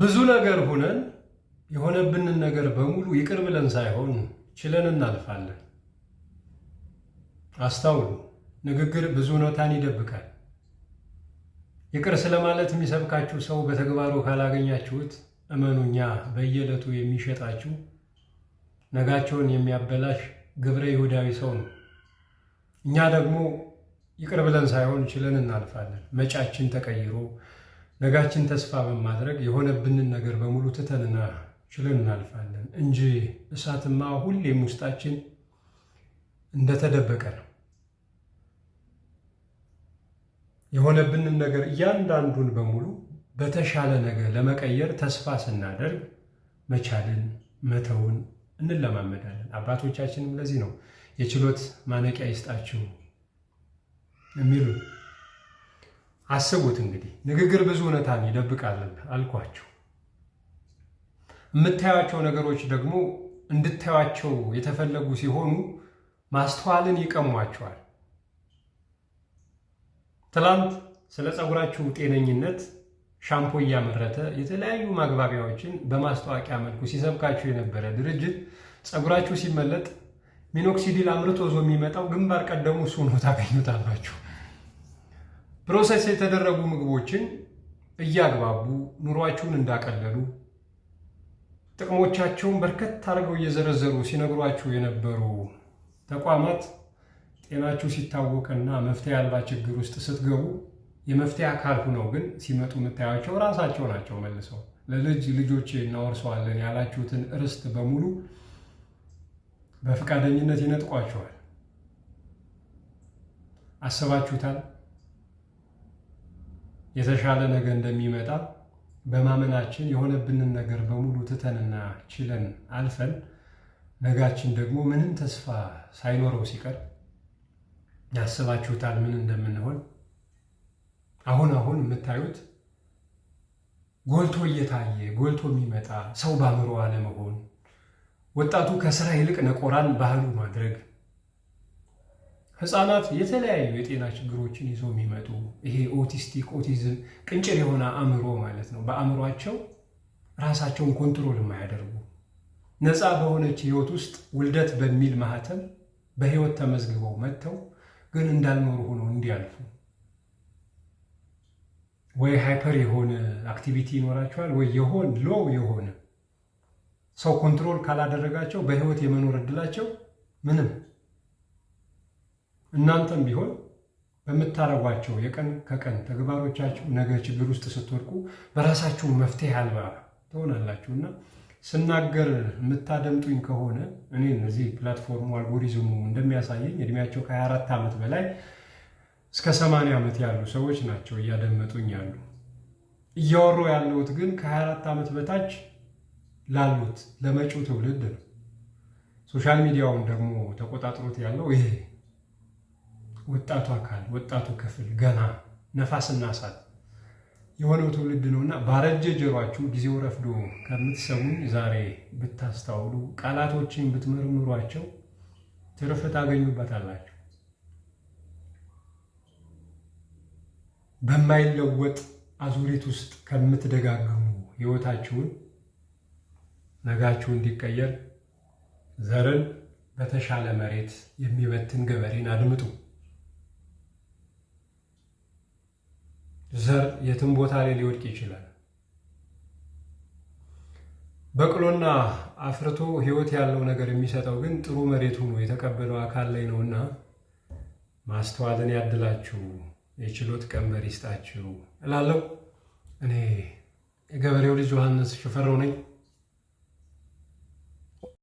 ብዙ ነገር ሁነን የሆነብንን ነገር በሙሉ ይቅር ብለን ሳይሆን ችለን እናልፋለን። አስታውሉ፣ ንግግር ብዙ እውነታን ይደብቃል። ይቅር ስለማለት የሚሰብካችሁ ሰው በተግባሩ ካላገኛችሁት እመኑኛ በየዕለቱ የሚሸጣችሁ ነጋቸውን የሚያበላሽ ግብረ ይሁዳዊ ሰው ነው። እኛ ደግሞ ይቅር ብለን ሳይሆን ችለን እናልፋለን። መጫችን ተቀይሮ ነጋችን ተስፋ በማድረግ የሆነብንን ነገር በሙሉ ትተንና ችለን እናልፋለን እንጂ እሳትማ ሁሌም ውስጣችን እንደተደበቀ ነው። የሆነብንን ነገር እያንዳንዱን በሙሉ በተሻለ ነገር ለመቀየር ተስፋ ስናደርግ መቻልን መተውን እንለማመዳለን። አባቶቻችንም ለዚህ ነው የችሎት ማነቂያ ይስጣችሁ የሚሉ አስቡት እንግዲህ ንግግር ብዙ እውነታን ይደብቃል አልኳችሁ። የምታዩቸው ነገሮች ደግሞ እንድታዩቸው የተፈለጉ ሲሆኑ ማስተዋልን ይቀሟቸዋል። ትላንት ስለ ፀጉራችሁ ጤነኝነት ሻምፖ እያመረተ የተለያዩ ማግባቢያዎችን በማስታወቂያ መልኩ ሲሰብካችሁ የነበረ ድርጅት ፀጉራችሁ ሲመለጥ ሚኖክሲዲል አምርቶ ዞ የሚመጣው ግንባር ቀደሙ እሱ ነው። ታገኙታላችሁ። ፕሮሰስ የተደረጉ ምግቦችን እያግባቡ ኑሯችሁን እንዳቀለሉ ጥቅሞቻቸውን በርከት አድርገው እየዘረዘሩ ሲነግሯችሁ የነበሩ ተቋማት ጤናችሁ ሲታወቅና መፍትሄ ያልባ ችግር ውስጥ ስትገቡ የመፍትሄ አካል ሁነው ግን ሲመጡ የምታያቸው ራሳቸው ናቸው። መልሰው ለልጅ ልጆቼ እናወርሰዋለን ያላችሁትን ርስት በሙሉ በፈቃደኝነት ይነጥቋቸዋል። አስባችሁታል? የተሻለ ነገር እንደሚመጣ በማመናችን የሆነብንን ነገር በሙሉ ትተንና ችለን አልፈን ነጋችን ደግሞ ምንም ተስፋ ሳይኖረው ሲቀር ያስባችሁታል ምን እንደምንሆን አሁን አሁን የምታዩት ጎልቶ እየታየ ጎልቶ የሚመጣ ሰው ባምሮ አለመሆን፣ ወጣቱ ከስራ ይልቅ ነቆራን ባህሉ ማድረግ ህጻናት የተለያዩ የጤና ችግሮችን ይዞ የሚመጡ ይሄ ኦቲስቲክ ኦቲዝም ቅንጭር የሆነ አእምሮ ማለት ነው። በአእምሯቸው ራሳቸውን ኮንትሮል የማያደርጉ ነፃ በሆነች ህይወት ውስጥ ውልደት በሚል ማህተም በህይወት ተመዝግበው መጥተው ግን እንዳልኖሩ ሆነው እንዲያልፉ ወይ ሃይፐር የሆነ አክቲቪቲ ይኖራቸዋል ወይ የሆን ሎ የሆነ ሰው ኮንትሮል ካላደረጋቸው በህይወት የመኖር እድላቸው ምንም እናንተም ቢሆን በምታደርጓቸው የቀን ከቀን ተግባሮቻችሁ ነገ ችግር ውስጥ ስትወድቁ በራሳችሁ መፍትሄ አልባ ትሆናላችሁ እና ስናገር የምታደምጡኝ ከሆነ እኔ እዚህ ፕላትፎርሙ አልጎሪዝሙ እንደሚያሳየኝ እድሜያቸው ከ24 ዓመት በላይ እስከ 80 ዓመት ያሉ ሰዎች ናቸው እያደመጡኝ ያሉ። እያወራሁ ያለሁት ግን ከ24 ዓመት በታች ላሉት ለመጪው ትውልድ ነው። ሶሻል ሚዲያውን ደግሞ ተቆጣጥሮት ያለው ይሄ ወጣቱ አካል ወጣቱ ክፍል ገና ነፋስና እሳት የሆነው ትውልድ ነውና ባረጀ ጆሯችሁ ጊዜው ረፍዶ ከምትሰሙኝ ዛሬ ብታስተውሉ ቃላቶችን ብትመርምሯቸው ትርፍ ታገኙበታላችሁ። በማይለወጥ አዙሪት ውስጥ ከምትደጋግሙ ህይወታችሁን ነጋችሁ እንዲቀየር ዘርን በተሻለ መሬት የሚበትን ገበሬን አድምጡ። ዘር የትም ቦታ ላይ ሊወድቅ ይችላል። በቅሎና አፍርቶ ህይወት ያለው ነገር የሚሰጠው ግን ጥሩ መሬት ሆኖ የተቀበለው አካል ላይ ነውና ማስተዋልን ያድላችሁ፣ የችሎት ቀንበር ይስጣችሁ እላለሁ። እኔ የገበሬው ልጅ ዮሐንስ ሽፈረው ነኝ።